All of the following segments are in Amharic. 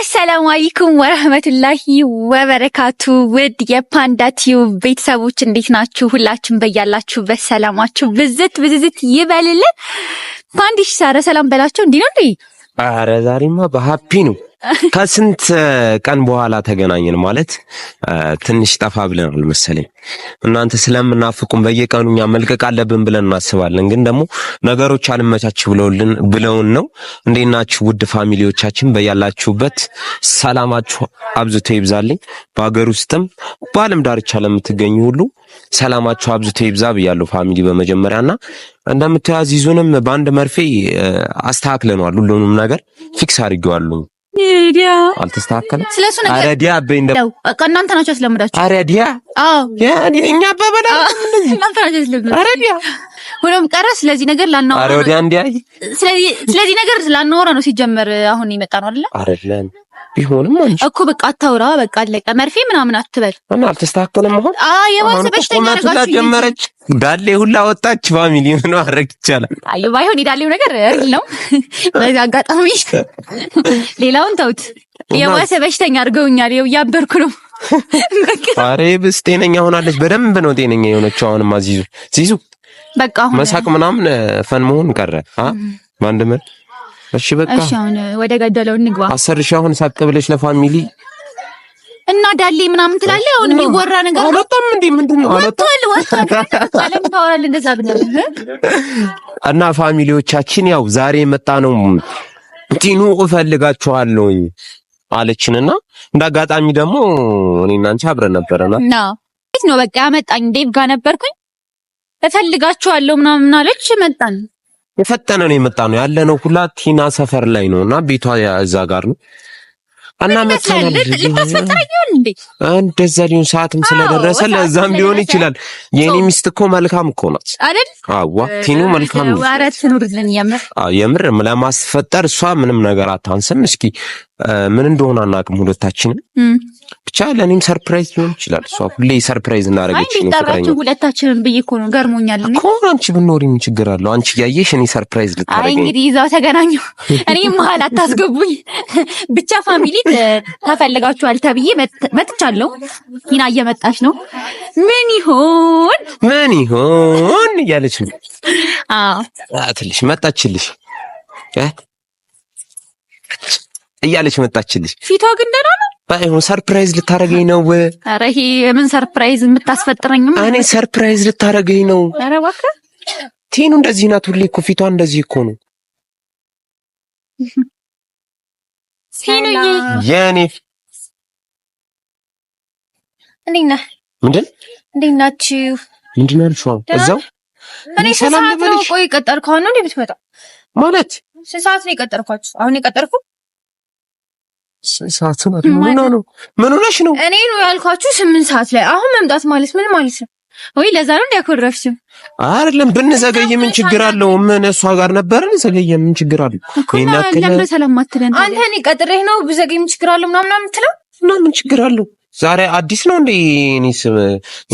አሰላሙ አለይኩም ወረህመቱላሂ ወበረካቱ። ውድ የፓንዳ ቲዩብ ቤተሰቦች እንዴት ናችሁ? ሁላችሁም በያላችሁበት ሰላማችሁ ብዝት ብዝዝት ይበልልን። ፓንዲሽ ሳረ ሰላም በላቸው። እንዲህ ነው እንዴ? አረ ዛሬማ በሀፒ ነው ከስንት ቀን በኋላ ተገናኘን ማለት ትንሽ ጠፋ ብለናል መሰለኝ። እናንተ ስለምናፍቁን በየቀኑ እኛ መልቀቅ አለብን ብለን እናስባለን፣ ግን ደግሞ ነገሮች አልመቻች ብለውልን ብለውን ነው። እንዴት ናችሁ ውድ ፋሚሊዎቻችን? በያላችሁበት ሰላማችሁ አብዝቶ ይብዛልኝ። በሀገር ውስጥም በዓለም ዳርቻ ለምትገኙ ሁሉ ሰላማችሁ አብዝቶ ይብዛ ብያለሁ ፋሚሊ። በመጀመሪያና እንደምትያዝ ይዙንም በአንድ መርፌ አስተካክለነዋል። ሁሉንም ነገር ፊክስ አድርጌዋለሁ። ዲያ አልተስተካከለም። ስለሱ ነገር አረዲያ ዲያ አበይ እንደ እናንተ ናችሁ ያስለምዳችሁ። አረዲያ ዲያ አዎ፣ እኛ አባባላ እናንተ ናችሁ ያስለምዳችሁ። አረ ዲያ ሆኖም ቀረ። ስለዚህ ነገር ላናወራ አረዲያ እንዲያይ። ስለዚህ ስለዚህ ነገር ላናወራ ነው ሲጀመር አሁን ይመጣ ነው አይደለ? አይደለም ቢሆንም አንቺ እኮ በቃ አታውራ፣ በቃ አለቀ። መርፌ ምናምን አትበል እና አልተስተካከለም። አሁን አይ የባሰ በሽተኛ ሁላ ጀመረች፣ ዳሌ ሁላ ወጣች። ፋሚሊ ምን ማድረግ ይቻላል? አይ ባይሆን የዳሌው ነገር እርግል ነው። በዚህ አጋጣሚ ሌላውን ተውት። የባሰ በሽተኛ አድርገውኛል። ይኸው እያበርኩ ነው። ኧረ ብስ ጤነኛ ሆናለች። በደንብ ነው ጤነኛ የሆነችው። አሁንማ ዚዙ ዚዙ በቃ መሳቅ ምናምን ፈን መሆን ቀረ። አ ማንደመር እሺ በቃ እሺ፣ አሁን ወደ ገደለው እንግባ። አስር ሺህ አሁን ሳቅ ብለሽ ለፋሚሊ እና ዳሌ ምናምን ትላለህ። አሁን የሚወራ ነገር አላጣም እንዴ? ምንድነው? ወጥቷል ወጥቷል። አለም ታወራል እንደዛ ብለህ እና ፋሚሊዎቻችን ያው ዛሬ መጣ ነው ቲኑ እፈልጋችኋለሁኝ አለችንና እንዳጋጣሚ ደግሞ እኔና አንቺ አብረን ነበርና ነው በቃ ያመጣኝ ዴቭ ጋር ነበርኩኝ እፈልጋችኋለሁ ምናምን አለች መጣን የፈጠነ ነው የመጣ ነው ያለ ነው ሁላ ቲና ሰፈር ላይ ነው እና ቤቷ እዛ ጋር ነው እና እንደዛ ሊሆን ሰዓትም ስለደረሰ ለዛም ሊሆን ይችላል። የኔ ሚስት እኮ መልካም እኮ ናት አይደል? አዋ ቲኑ መልካም ነው። የምር ለማስፈጠር እሷ ምንም ነገር አታንስም። እስኪ ምን እንደሆነ አናውቅም ሁለታችንም። ብቻ ለእኔም ሰርፕራይዝ ሊሆን ይችላል። እሷ ሁሌ ሰርፕራይዝ እናደረገች ነው ፍቅረኛ ሁለታችንን ብዬ እኮ ነው ገርሞኛል እኮ። አንቺ ብኖሪ ምን ችግር አለው? አንቺ እያየሽ እኔ ሰርፕራይዝ ልታደረገኝ። እንግዲህ ይዛው ተገናኙ። እኔም መሀል አታስገቡኝ። ብቻ ፋሚሊ ተፈልጋችኋል ተብዬ መጥቻለሁ። ሂና እየመጣች ነው። ምን ይሆን ምን ይሆን እያለች ነው። አዎ ትልሽ መጣችልሽ እያለች መጣችልሽ። ፊቷ ግን ደህና ነው። ባይሆን ሰርፕራይዝ ልታረገኝ ነው። ኧረ ይሄ የምን ሰርፕራይዝ የምታስፈጥረኝ? እኔ ሰርፕራይዝ ልታረገኝ ነው። ኧረ እባክህ ቴኑ እንደዚህ ናት። ሁሌ እኮ ፊቷ እንደዚህ እኮ ነው። የኔ ምንድን እንዴት ናችሁ? ምንድን ያልሽው? እዛው እኔ ሰላም ልበልሽ። ቆይ ቀጠርኩ። አሁን ነው የምትመጣው ማለት ስንት ሰዓት ነው የቀጠርኳችሁ? አሁን የቀጠርኩ ሰዓት ነው። ምን ሆነሽ ነው? እኔ ነው ያልኳችሁ ስምንት ሰዓት ላይ አሁን መምጣት ማለት ምን ማለት ነው? ወይ ለዛ ነው እንዲያኮረፍሽም አይደለም። ብንዘገይ ምን ችግር አለው? ምን እሷ ጋር ነበርን፣ ዘገየ ምን ችግር አለው? ይሄን ያክል አንተ እኔ ቀጥሬህ ነው ብዘገይ ምን ችግር አለው ምናምን የምትለው እና ምን ችግር አለው? ዛሬ አዲስ ነው እንዴ? እኔ ስም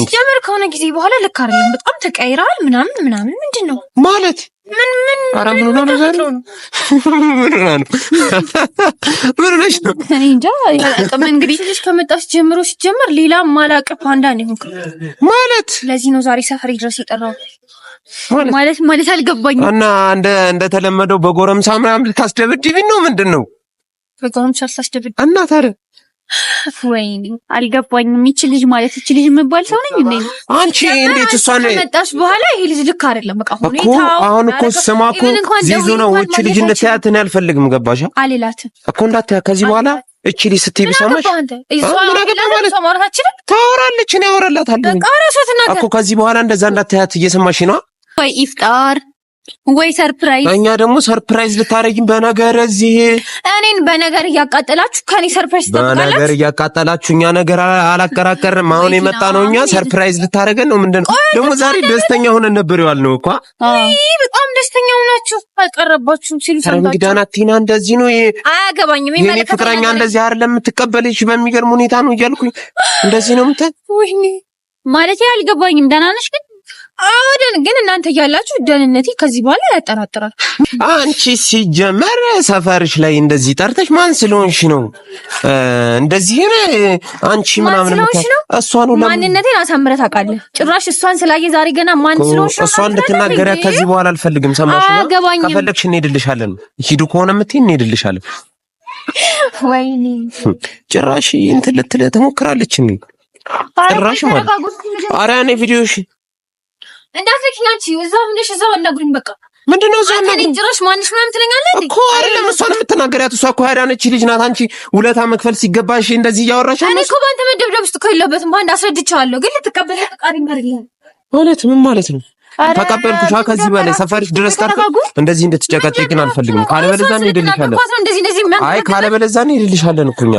ሲጀምር ከሆነ ጊዜ በኋላ ልክ አይደለም። በጣም ተቀይራል ምናምን ምናምን። ምንድን ነው ማለት? ምን ምን ምን ነው ምን ነው? ነው? እኔ እንጃ። እንግዲህ ከመጣች ጀምሮ ሲጀምር ሌላ ፓንዳ ነው ማለት። ለዚህ ነው ዛሬ ሰፈሪ ድረስ የጠራው ማለት ማለት አልገባኝም። እና እንደ እንደተለመደው በጎረምሳ ምናምን ነው ምንድን ነው? በጎረምሳ እና ታዲያ ወይኔ አልገባኝም። ይቺ ልጅ ማለት ይቺ ልጅ የምባል ሰው ነኝ እንዴ? አንቺ እንዴት እሷ መጣሽ በኋላ ይሄ ልጅ ልክ አይደለም። በቃ ሁኔታው አሁን እኮ ስማ እኮ ዚዙ ነው። እቺ ልጅ እንድታያት እኔ አልፈልግም። ገባሽ? አልላትም እኮ እንዳታያ ከዚህ በኋላ እቺ ልጅ ስትይ ቢሰማሽ ታወራለች። እኔ አወራላታለሁ እኮ ከዚህ በኋላ እንደዛ እንዳታያት እየሰማሽ ነው ወይ ኢፍጣር ወይ ሰርፕራይዝ። እኛ ደግሞ ሰርፕራይዝ ልታረጊም በነገር እዚህ እኔን በነገር እያቃጠላችሁ ከኔ ሰርፕራይዝ ትጠብቃላችሁ። በነገር እያቃጠላችሁ እኛ ነገር አላቀራቀርም። አሁን የመጣ ነው እኛ ሰርፕራይዝ ልታረገን ነው። ምንድን ነው ደግሞ ዛሬ ደስተኛ ሆነን ነበር ይዋል ነው እኮ በጣም ደስተኛ ሆናችሁ አልቀረባችሁም ሲሉ ሰምታችሁ። እንግዲህ ቲና እንደዚህ ነው አያገባኝም። የኔ ፍቅረኛ እንደዚህ አይደለም የምትቀበልሽ በሚገርም ሁኔታ ነው እያልኩኝ እንደዚህ ነው ወይኔ ማለት አልገባኝም። ደህና ነሽ ግን አደን ግን እናንተ እያላችሁ ደህንነቴ ከዚህ በኋላ ያጠራጥራል። አንቺ ሲጀመር ሰፈርሽ ላይ እንደዚህ ጠርተሽ ማን ስለሆንሽ ነው እንደዚህ አንቺ ምናምን እሷ ነው ማንነቴን አሳምረ ታውቃለህ። ጭራሽ እሷን ስላየ ዛሬ ገና ማን ስለሆንሽ ነው እሷን እንድትናገሪያት ከዚህ በኋላ አልፈልግም። ሰማሽ? አያገባኝም። ከፈለግሽ እንሄድልሻለን። ሂዱ ከሆነ የምትሄድ እንሄድልሻለን። ወይኔ ጭራሽ እንትን ልትል ትሞክራለች። ጭራሽ ማለት ኧረ እኔ ቪዲዮሽ እንዳትለኪኝ አንቺ እዛ ምንሽ እዛ አናግሩኝ። በቃ ምንድነው እዛ አናግሩኝ። ጭራሽ ማንሽ ምናምን ትለኛለህ እኮ አይደለም። እሷን የምትናገሪያት እሷ እኮ ያዳነች ልጅ ናት። አንቺ ውለታ መክፈል ሲገባሽ እንደዚህ እያወራሽ እኔ እኮ በአንተ መደብደብ ውስጥ እኮ የለበትም። በአንድ አስረድቻለሁ፣ ግን ልትቀበል ፈቃድ ይመርልህ ማለት ምን ማለት ነው? ተቀበልኩሽ። ከዚህ በላይ ሰፈርሽ ድረስ ቀርቶ እንደዚህ እንድትጨቃጨቂ አልፈልግም። ካለበለዚያ እንሄድልሻለን። አይ ካለበለዚያ እንሄድልሻለን እኮ እኛ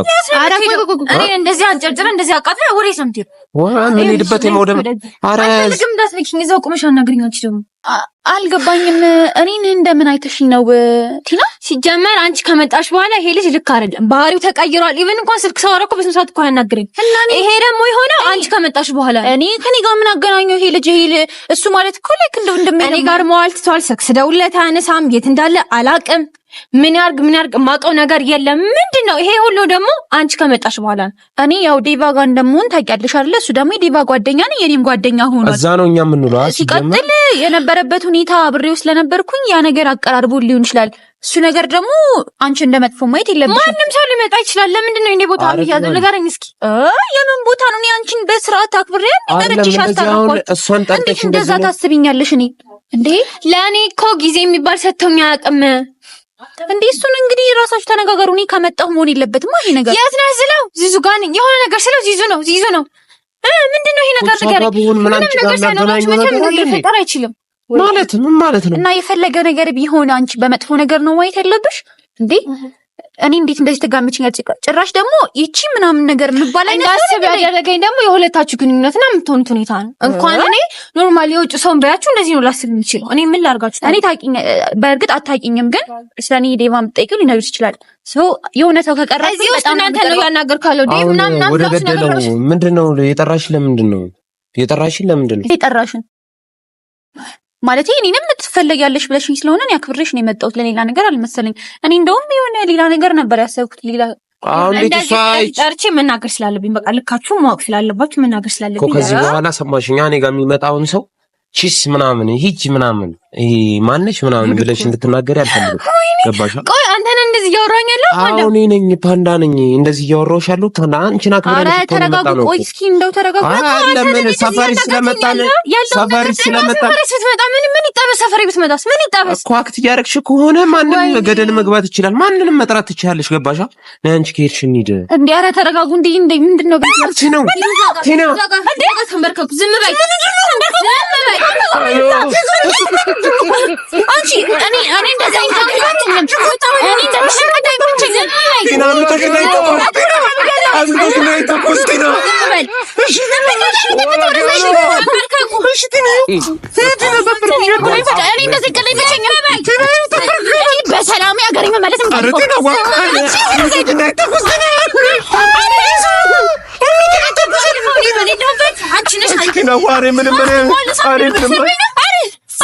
እንደዚህ አንጨርጭረን እንደዚህ አቃጥረን ወሬ ሰምቴ የምንሄድበት የመውደም አረግም እንዳትነኪኝ። እዛው ቁመሽ አናግሪኝ። ደግሞ አልገባኝም። እኔን እንደምን አይተሽኝ ነው ቲና? ሲጀመር አንቺ ከመጣሽ በኋላ ይሄ ልጅ ልክ አይደለም፣ ባህሪው ተቀይሯል። ኢቨን እንኳን ስልክ ሳወራ እኮ በስንት ሰዓት እኮ አያናግረኝ። ይሄ ደግሞ የሆነው አንቺ ከመጣሽ በኋላ። እኔ ከኔ ጋር ምን አገናኘው ይሄ ልጅ? ይሄ እሱ ማለት እኮ ላይክ እንደው እንደምን እኔ ጋር መዋል ትቷል። ስልክ ስደውልለት አያነሳም፣ የት እንዳለ አላቅም ምን ያርግ ምን ያርግ ማቀው ነገር የለም። ምንድን ነው ይሄ ሁሉ ደግሞ አንቺ ከመጣሽ በኋላ እኔ ያው ዴቫ ጋር እንደምሆን ታውቂያለሽ አይደለ? እሱ ደግሞ የዴቫ ጓደኛ ነኝ፣ የኔም ጓደኛ ሆኖ እዛ ነው እኛ የምንውለው። ሲቀጥል የነበረበት ሁኔታ አብሬው ስለነበርኩኝ ያ ነገር አቀራርቦ ሊሆን ይችላል። እሱ ነገር ደግሞ አንቺ እንደመጥፎ ማየት የለብሽም። ማንም ሰው ሊመጣ ይችላል። ለምንድን ነው እኔ ቦታ ያዘው ንገረኝ እስኪ። የምን ቦታ ነው? እኔ አንቺን በስርዓት አክብሬ ነገረችሽ። አስታረኳት። እንዴት እንደዛ ታስቢኛለሽ? እኔ እንዴ ለእኔ እኮ ጊዜ የሚባል ሰጥተውኝ አያውቅም። እንዴ እሱን እንግዲህ ራሳችሁ ተነጋገሩ። እኔ ከመጣሁ መሆን የለበትም ይሄ ነገር። የት ነህ ስለው ዚዙ ጋር ነኝ የሆነ ነገር ስለው ዚዙ ነው ዚዙ ነው። ምንድን ነው ይሄ ነገር? ምንም ነገር ሳይኖራችሁ መቼም ሊፈጠር አይችልም ማለት ምን ማለት ነው? እና የፈለገ ነገር ቢሆን አንቺ በመጥፎ ነገር ነው ማየት ያለብሽ እንዴ እኔ እንዴት እንደዚህ ተጋምችኝ ጭራሽ ደግሞ ይቺ ምናምን ነገር የምባል እንዳስብ ያደረገኝ ደግሞ የሁለታችሁ ግንኙነት ና የምትሆኑት ሁኔታ ነው። እንኳን እኔ ኖርማል የውጭ ሰውን ባያችሁ እንደዚህ ነው ላስብ የምችለው። እኔ ምን ላርጋችሁ? እኔ ታውቂኝ፣ በእርግጥ አታቂኝም፣ ግን ስለ እኔ ዴቫ ምጠይቅ ሊነግርሽ ይችላል። የሆነ ሰው ከቀረ እዚህ ውስጥ እናንተ ነው ያናገርካለው። ወደ ገደለው ምንድን ነው የጠራሽ? ለምንድን ነው የጠራሽን? ለምንድን ነው የጠራሽን? ማለት እኔንም ትፈለጊያለሽ ብለሽኝ ስለሆነ እኔ አክብሬሽ ነው የመጣሁት። ለሌላ ነገር አልመሰለኝ። እኔ እንደውም የሆነ ሌላ ነገር ነበር ያሰብኩት። ሌላ ጠርቼ መናገር ስላለብኝ በቃ ልካችሁ ማወቅ ስላለባችሁ መናገር ስላለብኝ ከዚህ በኋላ ሰማሽኝ። እኔ ጋር የሚመጣውን ሰው ቺስ ምናምን ሂጅ ምናምን ይሄ ማነሽ ምናምን ብለሽ እንድትናገሪ አልፈልግም። ገባሽ? አንተ ነህ እንደዚህ እያወራኝ ያለው? አዎ እኔ ነኝ፣ ፓንዳ ነኝ። እንደዚህ እያወራሁሽ ያለው ፓንዳ አንቺን ናት። ኧረ ተረጋጉ። ቆይ እስኪ እንደው ተረጋጉ። ሰፈሪ ስለመጣን ሰፈሪ ስለመጣን ስትመጣ ምን ምን ይጠበስ? ሰፈሪ ብትመጣስ ምን ይጠበስ? እኮ አክት እያደረግሽ ከሆነ ማንም ገደል መግባት ይችላል። ማንንም መጥራት ትችላለሽ። ገባሻ? ነይ አንቺ ከሄድሽ እንሂድ። እንዴ ኧረ ተረጋጉ። እንዴ እንደ ምንድን ነው አንቺ ነው ቲና ተንበርከኩ። ዝም በይ አንቺ እኔ እኔ እንደዚህ አይነት በሰላም ሀገር መመለስ ምንም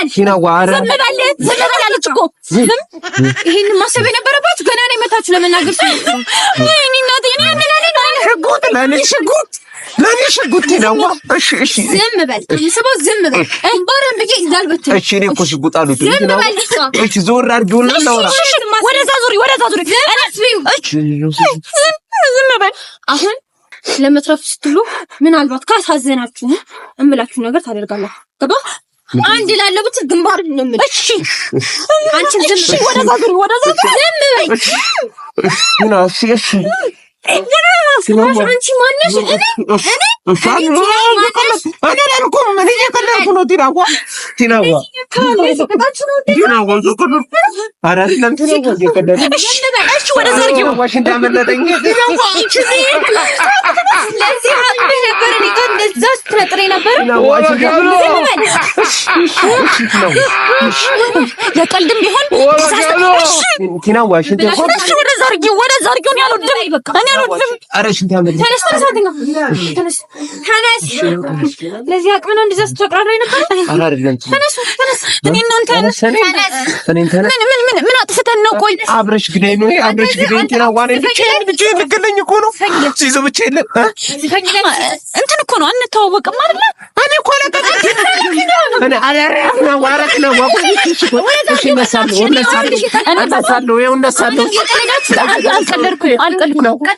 ይበል። ሂናዋ አረ ዝም በል ዝም በል አለች እኮ። ይሄን ማሰብ የነበረባችሁ ገና ነው የመታችሁ ለመናገር ሲል ወይኔ እናቴ እኔ ምን ሽጉጥ ለኔ ለኔ እሺ እሺ ዳልበት። እሺ እኮ አሉት። እሺ ዞር እሺ አሁን ለመትረፍ ስትሉ ምናልባት ካሳዘናችሁ እምላችሁ ነገር ታደርጋላችሁ። ገባ አንድ እላለሁ ብቻ ግንባር ነው የምልህ። እሺ አንቺ ዝም ወደዛ ዝም ወደዛ ዝም በይ ስለሆነ አንቺ ማነሽ? እኔ ለቀልድም ቢሆን ወደዛ አድርጊው፣ ወደዛ አድርጊውን ያልወደኝ በቃ እኔ ምን አጥፍተን ነው? አብረሽ ግዳይ ነው አብረሽ ግዳይ እንትና ዋኔ ብቻዬን ብቻዬን ልገለኝ እኮ ነው ሲይዞ ብቻ እንትን እኮ ነው አንተዋወቅም አይደለ? እኔ እኮ ነው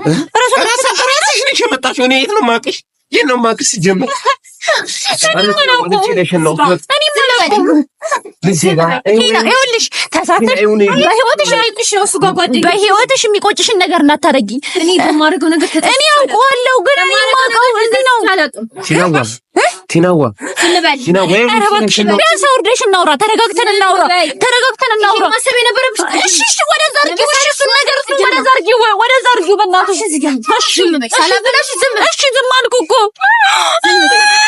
ራስሽ ነሽ የመጣሽው። እኔ የት ነው የማውቅሽ? የት ነው የማውቅሽ ሲጀምር ይኸውልሽ ተሳተሽ በህይወትሽ አይቅሽ የሚቆጭሽን ነገር እንዳታረጊ። እኔ አውቀዋለሁ፣ ግን እኔ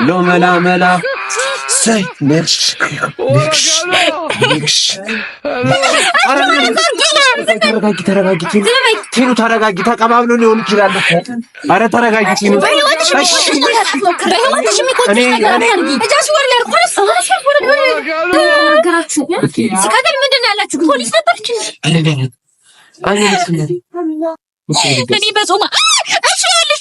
Lomela mela. Say next. Next. Next. taraga gitaraga gitin. Tinu taraga gita kamavno ne onu kiraldı. Ara taraga gitin. Hani- hani- e, polis ne yapar ki? Anne ne? Anne ne? Anne ne? Anne ne? Anne ne?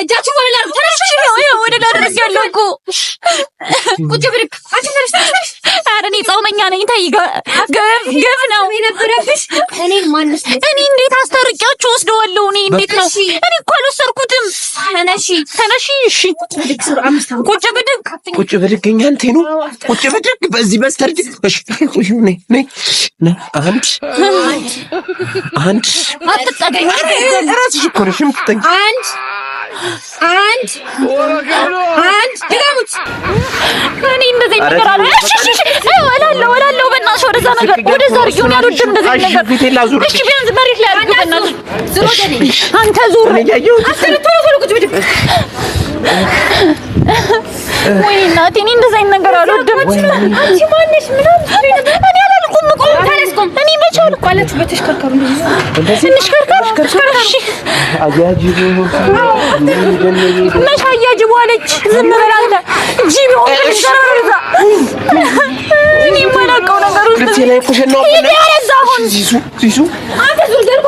እጃችሁ ወደ ላይ ተረሽሽ ነው። ወደ ላይ ድረስ ያለው እኮ ቁጭ ብድግ ጾመኛ ነኝ። ተይ ግፍ ነው። እኔ እንዴት አስታርቂያችሁ ወስደዋለሁ? እኔ እንዴት ነው? እኔ እኮ አልወሰድኩትም። ተነሺ፣ ተነሺ። እሺ፣ ቁጭ ብድግ፣ ቁጭ ብድግ። እኛ እንቴ ነው ቁጭ ብድግ። በዚህ በስተርጅ እሺ። አንድ አንድ አንድ አንድ አንድ ድገሙት። እኔ እንደዚህ ነገር አለ እላለሁ እላለሁ። በእናትሽ ወደዛ ነገር ወደዛ ርጊውን ያልወድም እንደዚህ ነገር። እሺ ቢያንስ መሬት ላይ አድርግ። በእናትሽ አንተ ዙር ወይ እናቴ፣ እኔ እንደዚህ ነገር አልወድም። አንቺ ማነሽ ምናምን አልቻልኩም። እኔ መቼ አልኩ አላችሁ። በተሽከርከሩ መቼ አያጅቡ እኔ የማላውቀው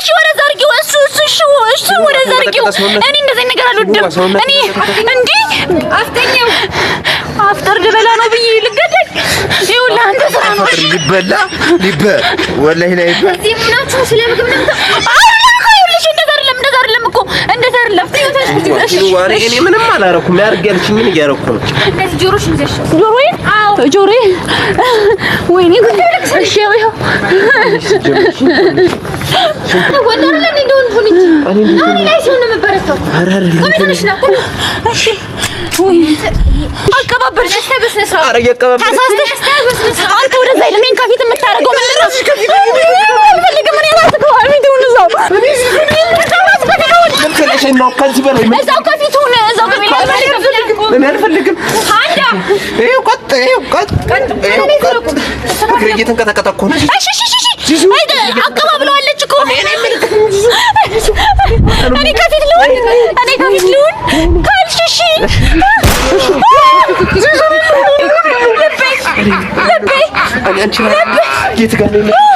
እሺ፣ ወደዛ አድርጊው። እሱ እሱ እሺ፣ እሱ ወደዛ አድርጊው። እኔ እንደዚህ ነገር አልወድም። እኔ እንዴ አፍጠኛው አፍጠር ልበላ ነው ብዬ ልገደል? ይኸውልህ አንተ ስራ ነው ሊበላ ሊበ ወላሂ ላይ ይበ እዚህ ምናችሁ ስለ ምግብ ነው ምንም አላረኩም። ያርግ ያልችኝን እያረኩ ነው። ጆሮዬን ጆሬ ወይኔ ጉድ እሺ እየከለከለሽኝ ነው። ከዚህ በላይ እዛው ከፊቱ ነው። እዛው ከፊቱ ነው። እኔ አልፈልግም። አንዳ ይሄው ቀጥ ይሄው ቀጥ እየተንቀጠቀጠ እኮ ነው። እሺ እሺ እሺ አቀባብለዋለች እኮ እኔ ከፊት ልሁን፣ እኔ ከፊት ልሁን ካልሽ እሺ የውሸነበኝ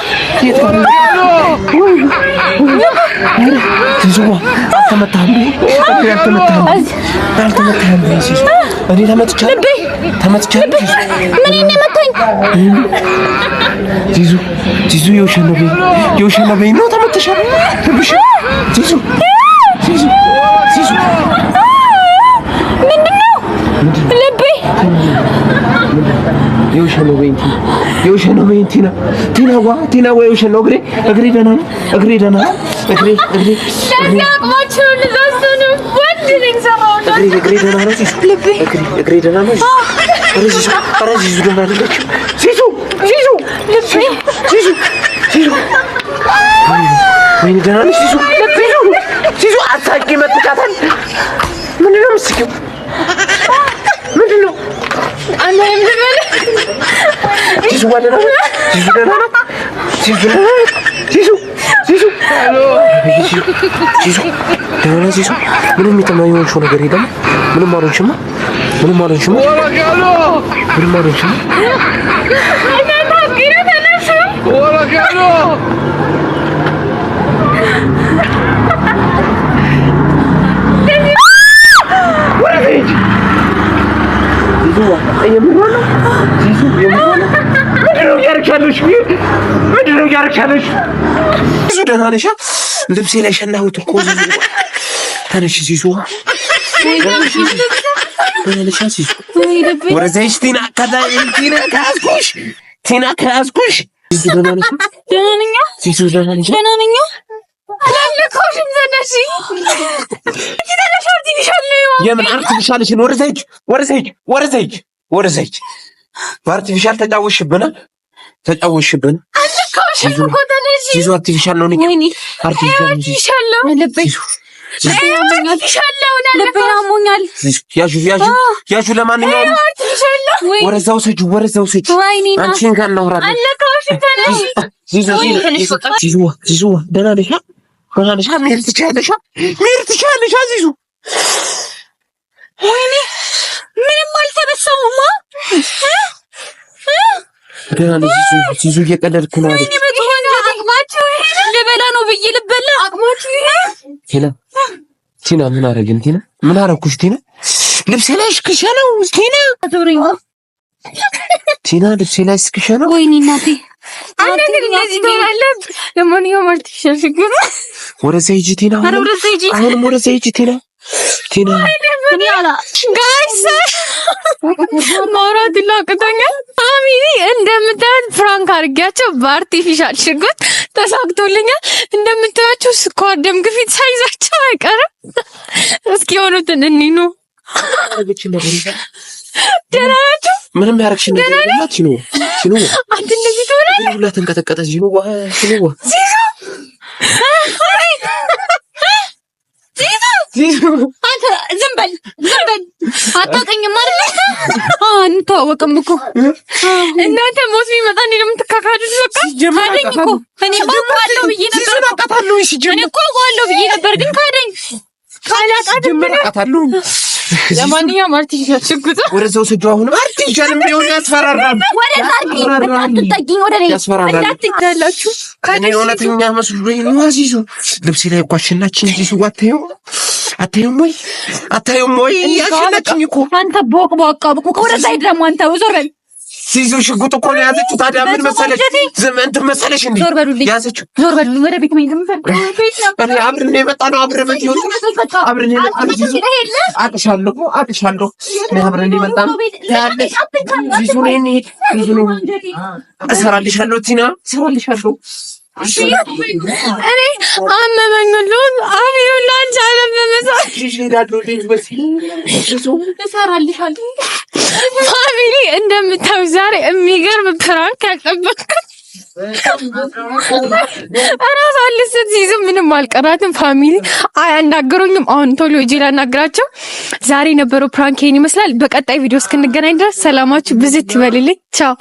ነው። ተመተሻል። ዚዙ ዚዙ ምንድን ነው ልቤ የውሸነው ቤንቲ የውሸነው ቤንቲ ና ቲና ዋ ቲና ዋ የውሸነው እግሬ እግሬ ደህና ነው። እግሬ ደህና ነው። እግሬ እግሬ ደህና ነው። ምንድን ነው? ምንም የተማየሆንሽው ነገር የለም። ምንም አልሆንሽማ። ምንም አልሆንሽማ። ምንም አልሆንሽማ። ተነሽ። ብዙ ደህና ነሽ? ልብሴ ላይ ሸናሁት እኮ ተነሽ። ሲሱ ቲና ከያዝኩሽ ቲና ከያዝኩሽ ሲሱ ወረዘች ወረዘች ወረዘች ወረዘች በአርቲፊሻል ተጫወሽብና ተጫወትሽብን። አትይሻለሁ አሞኛል። ያሹ ለማንኛውም ወረዛ ውሰጂው፣ ወረዛ ውሰጂው። አንቺን ጋር እናወራለን። ደህና ነሽ? ደህና ነሽ? መሄድ ትችያለሽ፣ መሄድ ትችያለሽ። አዚዙ ወይኔ ምንም አልተበሰሙማ ገና ነው ዚዙ፣ እየቀለድኩ ነው። ልበላ ነው ብዬ ልበላ አቅማችሁ ይሄ ቲና፣ ቲና ምን አረግን? ቲና ምን አረኩሽ? ቲና ልብሴ ላይ እሽክሻ ነው። ቲና ቲና ልብሴ ላይ እሽክሻ ነው። ወይኔ እናቴ፣ ለማንኛውም ወደዚያ ሂጂ ቲና፣ አሁንም ወደዚያ ሂጂ ቲና ማውራት ላቅቶኛል። አሚኒ እንደምታዩት ፍራንክ በአርቲፊሻል ሽጉጥ ተሳክቶልኛል። እንደምታያቸው ስኳር ደም ግፊት ሳይዛቸው አይቀርም። እስኪ የሆኑትን እኒኑ ምንም ነገር አንድ እንደዚህ ትሆናለህ ሁላ ተንቀጠቀጠ ዝም በል ዝም በል አታውቅኝም አይደል? እንተዋወቅም እኮ እናንተ ሞት ቢመጣ እኔ ነው የምትካካዱት። ካደኝ እኮ እኔ አውቀዋለሁ ብዬ ነበር፣ እኔ እኮ አውቀዋለሁ ብዬ ነበር፣ ግን ካደኝ ካላቃት ለማንኛውም አርቲፊሻል ሽጉጥ ወደዛ አሁንም አርቲፊሻል የሚሆን ያስፈራራል። እኔ እውነተኛ ላይ እኮ አሸናችን። ወይ? ወይ? ያሸናችን እኮ አንተ ቦቅ ቦቅ ቦቅ። ወደዛ ሂድ ደግሞ አንተ ዞር በል ሲይዙ ሽጉጥ እኮ ነው የያዘችው። ታዲያ ምን መሰለሽ እንትን መሰለሽ እንዴ ያዘችው። ዞር በሉልኝ፣ ወደ ቤት መሄድ የምፈልገው አብረን የመጣ ነው። አብረን አብረን የመጣ ነው። አቅሻለሁ አቅሻለሁ። አብረን የመጣ ነው ያለሽ ይዙ እሰራልሻለሁ ቲና እሰራልሻለሁ እኔ አመመኝ ሁሉ አብዩላንች እሰራልሻለሁ። ፋሚሊ እንደምታዩ ዛሬ የሚገርም ፕራንክ ያጠበቅ እራሷ ልስት ሲይዝ ምንም አልቀራትም። ፋሚሊ አያናገሩኝም። አሁን ቶሎ እጄ ላናግራቸው። ዛሬ የነበረው ፕራንክ ይሄን ይመስላል። በቀጣይ ቪዲዮ እስክንገናኝ ድረስ ሰላማችሁ ብዝት ይበልልኝ። ቻው